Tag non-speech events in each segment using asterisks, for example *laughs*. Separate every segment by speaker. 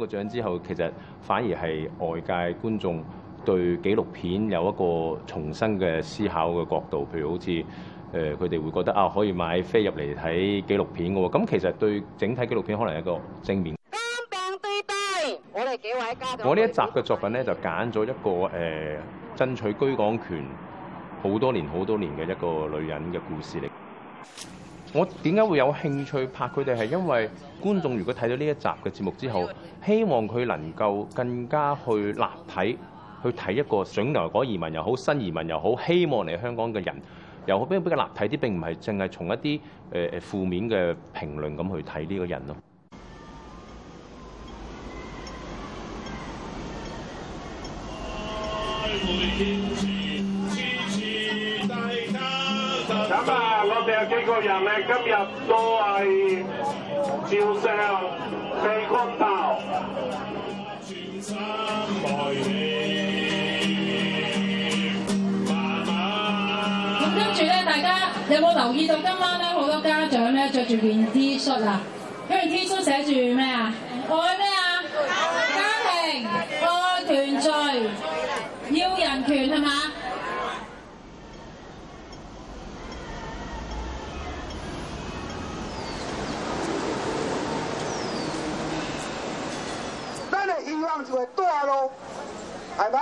Speaker 1: 那個獎之後，其實反而係外界觀眾對紀錄片有一個重新嘅思考嘅角度，譬如好似誒，佢、呃、哋會覺得啊，可以買飛入嚟睇紀錄片嘅，咁其實對整體紀錄片可能係一個正面。干病對對，我哋幾位嘉賓。我呢一集嘅作品咧，就揀咗一個誒、呃，爭取居港權好多年、好多年嘅一個女人嘅故事嚟。我點解會有興趣拍佢哋？係因為觀眾如果睇到呢一集嘅節目之後，希望佢能夠更加去立體去睇一個，想來港移民又好，新移民又好，希望嚟香港嘅人，又好比比較立體啲，並唔係淨係從一啲誒誒負面嘅評論咁去睇呢個人咯。 *music*
Speaker 2: 幾個人咧，今日都係照相慶國慶。咁跟住
Speaker 3: 咧，大家有冇留意到今晚咧，好多家長咧着住件 T 恤啊？嗰件 T 恤寫住咩啊？愛咩啊？
Speaker 1: 希望就會大咯，係嘛？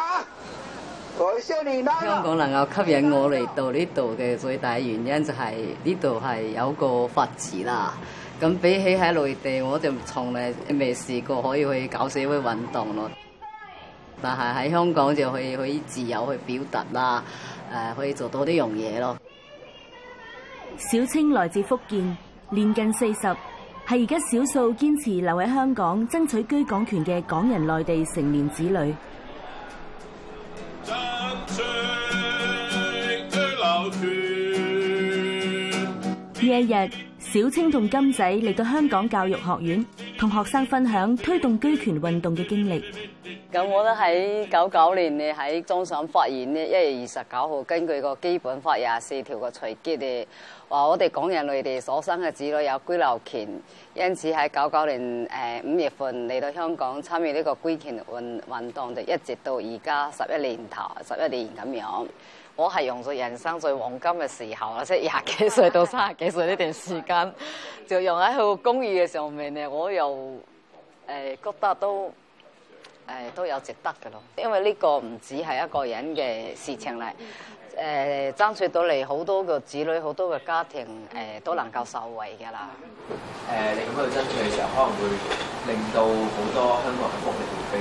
Speaker 1: 香港能夠吸引我嚟到呢度嘅最大原因就係呢度係有個法治啦。咁比起喺內地，我就從嚟未試過可以去搞社會運動咯。但係喺香港就可以，可以自由去表達啦，誒，可以做到呢樣嘢咯。
Speaker 3: 小青來自福建，年近四十。係而家少數堅持留喺香港爭取居港權嘅港人內地成年子女。呢一日，小青同金仔嚟到香港教育學院，同學生分享推動居權運動嘅經歷。
Speaker 1: 咁我都喺九九年咧，喺終審法院呢，一月二十九號根據個基本法廿四條個裁決咧，話我哋港人內地所生嘅子女有居留權，因此喺九九年誒五月份嚟到香港參與呢個居權運運動，就一直到而家十一年頭，十一年咁樣，我係用咗人生最黃金嘅時候啦，即係廿幾歲到三十幾歲呢段時間，就用喺佢公寓嘅上面咧，我又誒覺得都。誒都有值得嘅咯，因為呢個唔止係一個人嘅事情嚟，誒、呃、爭取到嚟好多個子女、好多個家庭誒、呃、都能夠受惠嘅啦。誒你咁去爭取嘅時候，可能會令到好多香港嘅福利被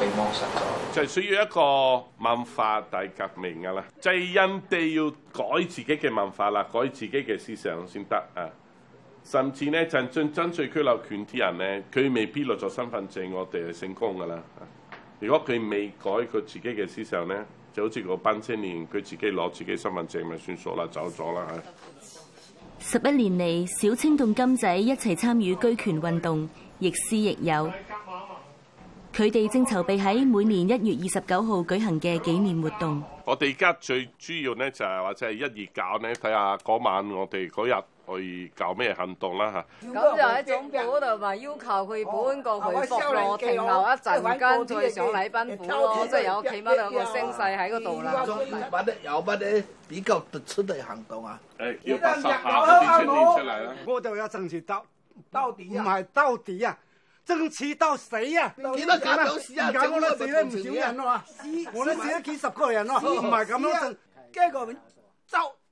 Speaker 1: 被剝削咗，
Speaker 2: 就係、是、需要一個文化大革命嘅啦，即係人哋要改自己嘅文化啦，改自己嘅思想先得啊！甚至呢，就進爭取居留權啲人咧，佢未必攞咗身份證，我哋係成功噶啦。如果佢未改佢自己嘅思想咧，就好似個班青年，佢自己攞自己身份證咪算數啦，走咗啦嚇。
Speaker 3: 十一年嚟，小青同金仔一齊參與居權運動，亦師亦友。佢哋正籌備喺每年一月二十九號舉行嘅紀念活動。
Speaker 2: 我哋而家最主要呢、就係，就係或者係一二九呢。睇下嗰晚我哋嗰日。去搞咩行動啦嚇！
Speaker 3: 咁就喺總
Speaker 1: 部度咪要求佢搬過去福朗停留一陣間，再上禮賓府咯、啊，即、就、係、是、有呢兩個聲勢喺嗰度啦。有乜
Speaker 2: 嘢？有乜比較突出嘅行動啊？
Speaker 3: 有乜嘢？我我就要爭取到到底啊！唔係到，到底啊，爭取到死啊！幾多格都死了啊！搞唔少人喎，死死咗幾十
Speaker 1: 個人喎、啊，唔係
Speaker 3: 咁樣，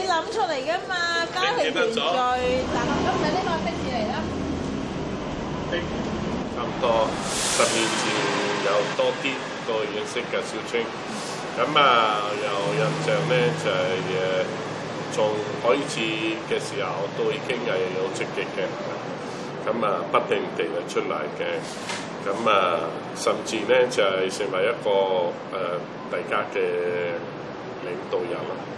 Speaker 3: 你諗出嚟㗎嘛？
Speaker 2: 家庭團聚，嗱，今日呢個畢業嚟啦，差唔多十年前有多啲個認識嘅小青，咁啊，有印象咧就係誒，從開始嘅時候都已經係有積極嘅，咁啊，不停地出嚟嘅，咁啊，甚至咧就係成為一個誒大家嘅領導人。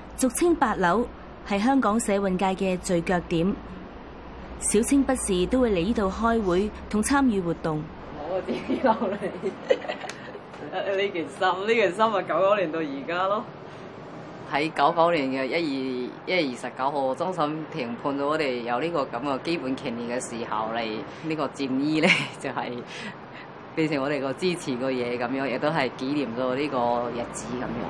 Speaker 3: 俗稱八樓係香港社運界嘅聚腳點，小青不時都會嚟呢度開會同參與活動。
Speaker 1: 我啊點留你？呢 *laughs* 件衫呢件衫啊，九九年到而家咯。喺九九年嘅一二一月二十九號，終審庭判咗我哋有呢個咁嘅基本權利嘅時候嚟呢個戰衣咧、就是，就係變成我哋個支持個嘢咁樣，亦都係紀念到呢個日子咁樣。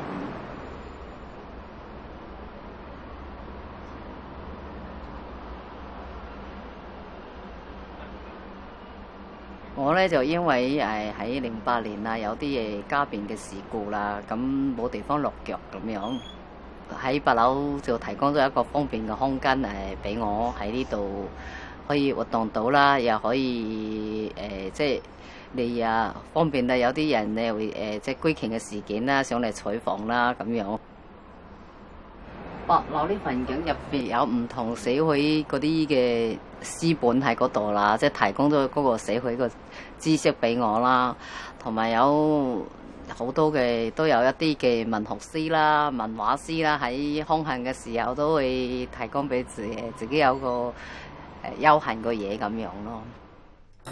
Speaker 1: 我咧就因為誒喺零八年啊，有啲嘢家變嘅事故啦，咁冇地方落腳咁樣，喺八樓就提供咗一個方便嘅空間誒，俾我喺呢度可以活動到啦，又可以誒、呃、即係你啊方便啊，有啲人你會誒即係居權嘅事件啦，上嚟採訪啦咁樣。落呢份境入邊有唔同社會嗰啲嘅書本喺嗰度啦，即係提供咗嗰個社會嘅知識俾我啦，同埋有好多嘅都有一啲嘅文學詩啦、文畫詩啦，喺空閒嘅時候都會提供俾自己，自己有個誒休閒嘅嘢咁樣咯。嗯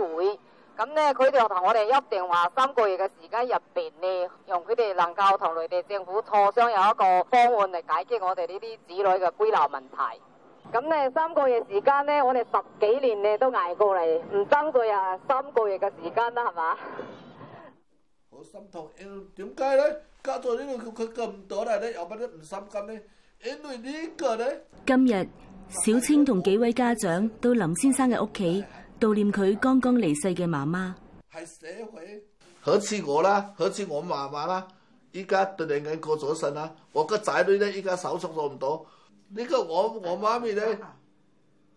Speaker 1: 咁咧，佢哋就同我哋約定話三個月嘅時間入邊咧，用佢哋能夠同內地政府磋商有一個方案嚟解決我哋呢啲子女嘅居留問題。咁咧，三個月時間咧，我哋十幾年咧都挨過嚟，唔爭在呀三個月嘅時間啦，係嘛？好心痛，因為點解咧？隔咗
Speaker 2: 呢度佢過唔到嚟咧，後邊佢唔心甘咧，因為呢個咧。
Speaker 3: 今日小青同幾位家長到林先生嘅屋企。悼念佢剛剛離世嘅媽媽，
Speaker 2: 係社會，好似我啦，好似我媽媽啦，依家對對眼過咗身啦，我個仔女咧依家手續做唔到，呢、這個我我媽咪咧，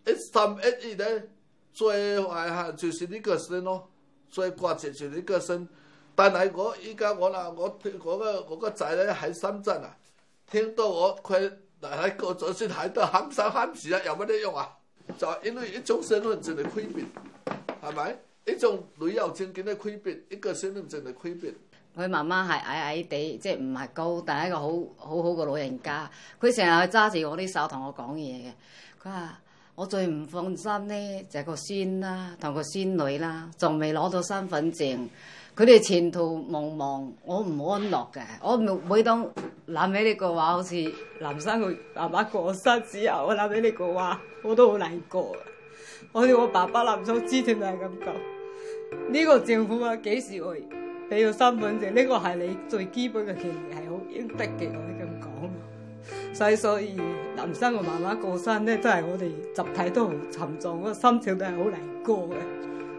Speaker 2: 一生一世咧最遺憾就是呢個身咯，最掛住就呢個身，但係我依家我啊我我個我個仔咧喺深圳啊，聽到我佢對對眼過咗身，喺度喊手喊舌啊，有乜嘢用啊？就係因為一種身份證嘅區別，係咪？一種旅遊證嘅區別，一個身份證嘅區別。
Speaker 1: 佢媽媽係矮矮地，即係唔係高，但係一個好好好嘅老人家。佢成日去揸住我啲手同我講嘢嘅。佢話：我最唔放心咧，就係個孫啦，同個孫女啦，仲未攞到身份證。佢哋前途茫茫，我唔安樂嘅。我每當諗起呢個話，好似林生佢媽媽過身之後，我諗起呢個話，我都好難過。好似我爸爸林生之前都係咁講。呢個政府啊，幾時去俾個身份證？呢個係你最基本嘅權利，係好應得嘅。我哋咁講。所以所以，林生個媽媽過身咧，都係我哋集體都好沉重，個心情都係好難過嘅。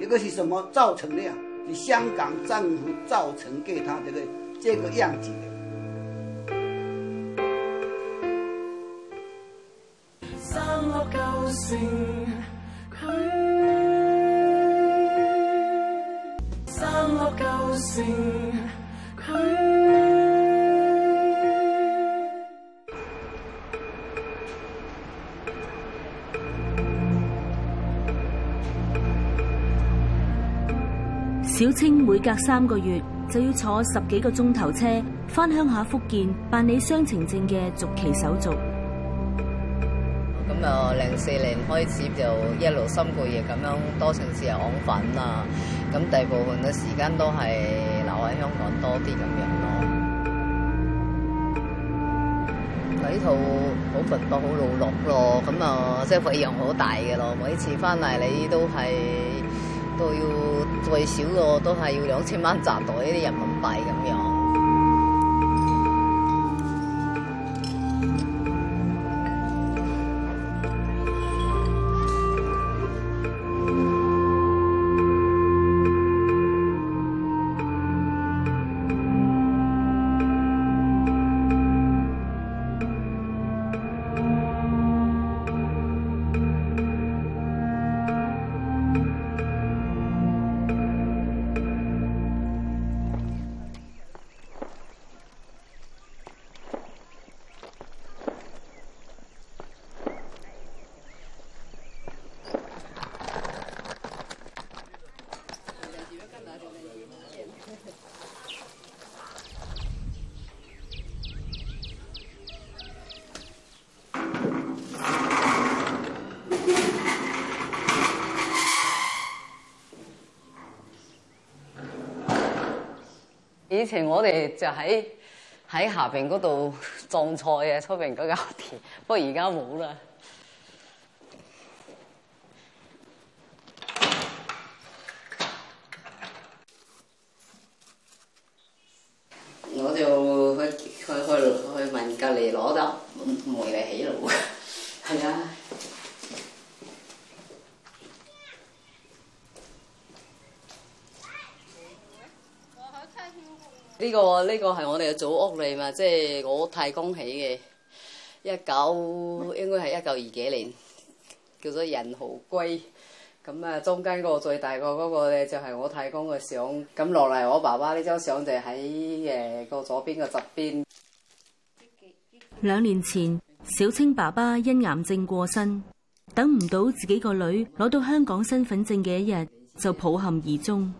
Speaker 2: 這個是什麼造成的呀？是香港政府造成給他這個這個樣子的。嗯啊
Speaker 3: 小青每隔三個月就要坐十幾個鐘頭車翻鄉下福建辦理雙程證嘅續期手續。
Speaker 1: 咁啊，零四年開始就一路三個月咁樣多城市又趕返啊。咁大部分嘅時間都係留喺香港多啲咁樣咯。喺度好奔波好勞碌咯。咁啊，即係費用好大嘅咯。每次翻嚟你都係都要。最少我都係要兩千蚊砸袋啲人民幣嘅。以前我哋就喺喺下邊嗰度種菜啊，出邊嗰間田，不過而家冇啦。我就去去去去問隔離攞粒煤嚟起爐。係啊。呢個呢個係我哋嘅祖屋嚟嘛，即係我太公起嘅，一九應該係一九二幾年，叫做人豪居。咁啊，中間個最大個嗰個咧就係我太公嘅相。咁落嚟我爸爸呢張相就喺誒個左邊嘅側邊。
Speaker 3: 兩年前，小青爸爸因癌症過身，等唔到自己個女攞到香港身份證嘅一日，就抱憾而終。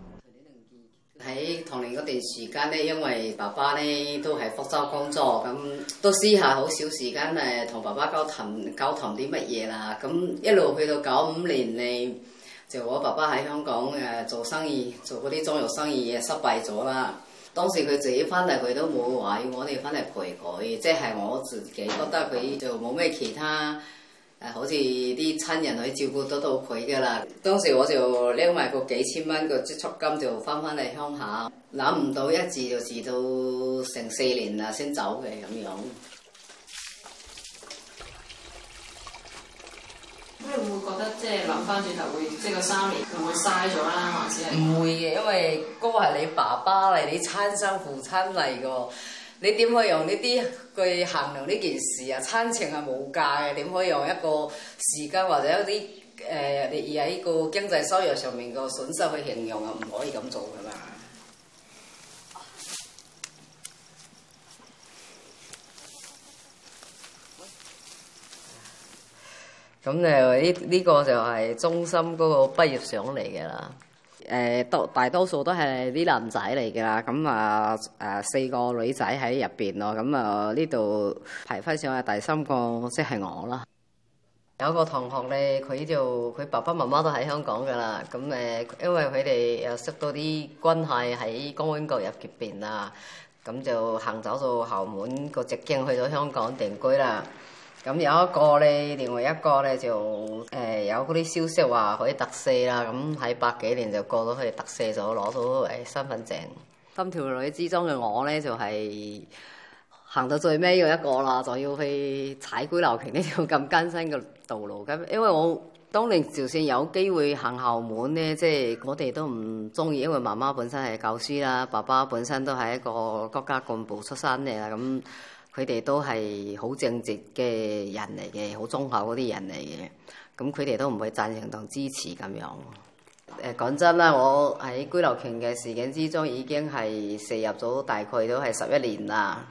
Speaker 1: 喺童年嗰段時間呢，因為爸爸呢都喺福州工作，咁都私下好少時間誒同爸爸交談，交談啲乜嘢啦。咁一路去到九五年嚟，就我爸爸喺香港誒做生意，做嗰啲裝潢生意失敗咗啦。當時佢自己翻嚟，佢都冇話要我哋翻嚟陪佢，即係我自己覺得佢就冇咩其他。好似啲親人可以照顧得到佢嘅啦。當時我就拎埋個幾千蚊嘅積蓄金就回，就翻返嚟鄉下。諗唔到一住就住到成四年啦，先走嘅咁樣。咁你會唔會
Speaker 3: 覺得
Speaker 1: 即係諗翻轉頭會即係嗰三年佢會嘥咗啦，還是？唔會嘅，因為嗰個係你爸爸嚟，你親生父親嚟個。你點可以用呢啲去衡量呢件事啊？親情啊，冇價嘅，點可以用一個時間或者一啲誒而喺個經濟收入上面個損失去形容啊？唔可以咁做噶嘛？咁誒呢呢個就係中心嗰個畢業相嚟嘅啦。誒、呃、多大多數都係啲男仔嚟㗎，咁啊誒四個女仔喺入邊咯，咁啊呢度排返上係第三個，即係我啦。有一個同學咧，佢就佢爸爸媽媽都喺香港㗎啦，咁誒、呃、因為佢哋又識到啲關係喺公安局入邊啊，咁就行走到後門個直徑去到香港定居啦。咁有一個咧，另外一個咧就誒、呃、有嗰啲消息話可以特赦啦。咁喺百幾年就過到去特赦咗，攞到誒身份證。三條女之中嘅我咧就係、是、行到最尾嘅一個啦，就要去踩居留權呢條咁艱辛嘅道路。咁因為我當年就算有機會行後門咧，即、就、係、是、我哋都唔中意，因為媽媽本身係教書啦，爸爸本身都係一個國家幹部出身咧，咁。佢哋都係好正直嘅人嚟嘅，好忠厚嗰啲人嚟嘅。咁佢哋都唔會贊成同支持咁樣。誒，講真啦，我喺居留權嘅事件之中已經係涉入咗大概都係十一年啦。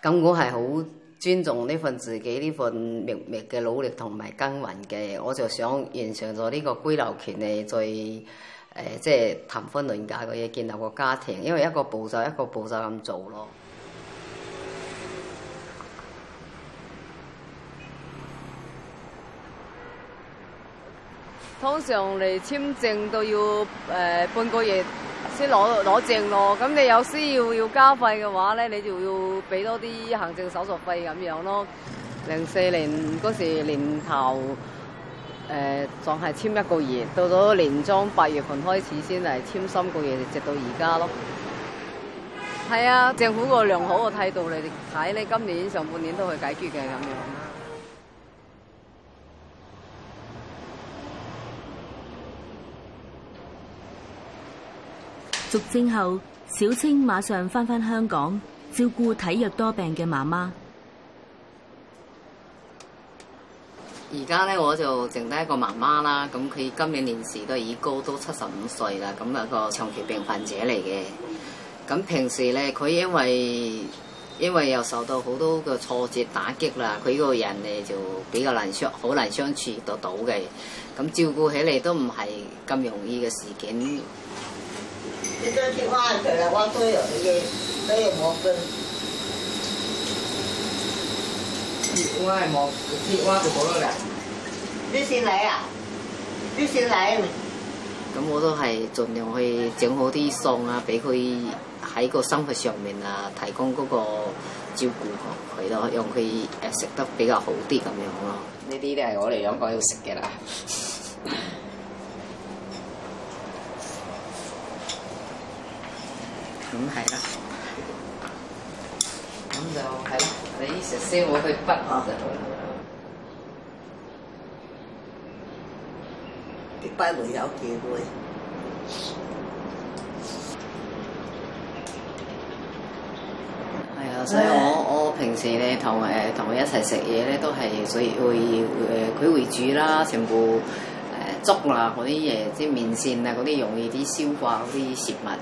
Speaker 1: 咁我係好尊重呢份自己呢份默默嘅努力同埋耕耘嘅，我就想完成咗呢個居留權咧，再呃，即係談婚論嫁嘅嘢，建立個家庭。因為一個步驟一個步驟咁做咯。通常嚟簽證都要誒半個月先攞攞證咯，咁你有需要要加費嘅話咧，你就要俾多啲行政手續費咁樣咯。零四年嗰時年頭誒仲係簽一個月，到咗年中八月份開始先嚟簽三個月，直到而家咯。係啊，政府個良好嘅態度嚟睇呢，今年上半年都去解決嘅咁樣。
Speaker 3: 疫症後，小青馬上翻返香港照顧體弱多病嘅媽媽。
Speaker 1: 而家咧，我就剩低一個媽媽啦。咁佢今年年事都已高，都七十五歲啦。咁啊，個長期病患者嚟嘅。咁平時咧，佢因為因為又受到好多嘅挫折打擊啦，佢個人咧就比較難相好難相處得到嘅。咁照顧起嚟都唔係咁容易嘅事件。啲咁嘅話，佢又挖都有啲嘅，都有毛根。我嘅毛，唔知我有冇啦？你先嚟啊！你先嚟。咁我都係盡量去整好啲餸啊，俾佢喺個生活上面啊，提供嗰個照顧佢咯，讓佢誒食得比較好啲咁樣咯。呢啲都係，我哋養狗要食嘅啦。咁係啦，咁就係啦、啊。你食先，我去筆啊！食，食筆會有機會。係啊，所以我我平時呢，同誒同佢一齊食嘢呢，都係所以會誒佢會，會煮啦，全部粥啦嗰啲嘢，即係麵線啊嗰啲容易啲消化嗰啲食物啊。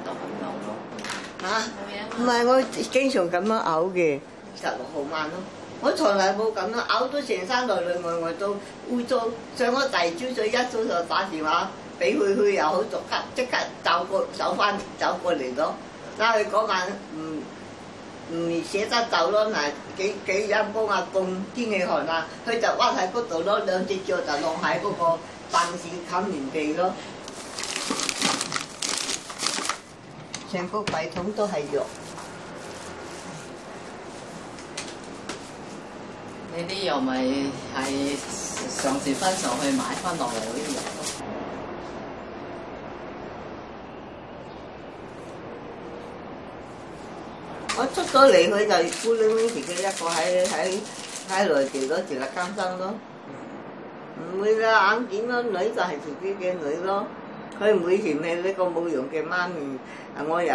Speaker 1: 嚇、
Speaker 3: 啊，唔係我經常咁樣嘔嘅，十六號晚咯。我從來冇咁咯，嘔到成山來來外外都污糟。上咗第二朝早，一早就打電話俾佢，佢又
Speaker 1: 好即刻即刻走過走翻走過嚟咯。但係嗰晚唔唔捨得走咯，嗱，幾幾陰公啊，凍天氣寒冷，佢就屈喺嗰度咯，兩隻腳就落喺嗰個凳子冚棉被咯。成個櫃桶都係藥，你啲藥咪係上次返上去買翻落嚟嗰啲藥咯。我出咗嚟，佢就孤零零自己一個喺喺喺內地嗰度艱辛咯。唔會啦，眼見個女就係自己嘅女咯，佢每次孭呢個冇用嘅媽咪。啊、哎！我又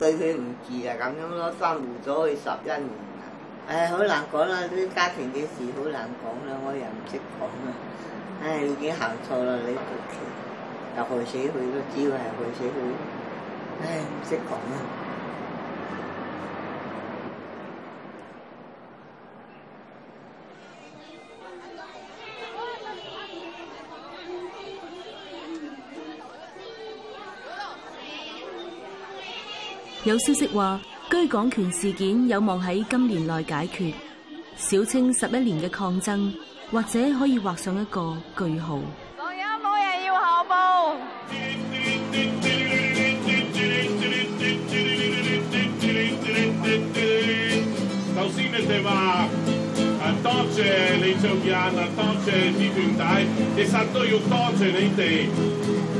Speaker 1: 對佢唔住啊，咁樣咯，生疏咗佢十一年啊！唉，好難講啦，啲家庭嘅事好難講啦，我又唔識講啦！唉，已經行錯啦，你又害死佢都知道，主要係害死佢！唉、哎，唔識講啦～
Speaker 3: 有消息話，居港權事件有望喺今年內解決，小青十一年嘅抗爭，或者可以畫上一個句號。
Speaker 1: 仲有冇人要後報。頭先你哋
Speaker 2: 話，多謝你哋做人，多謝李俊弟，謝曬多謝，多謝你哋。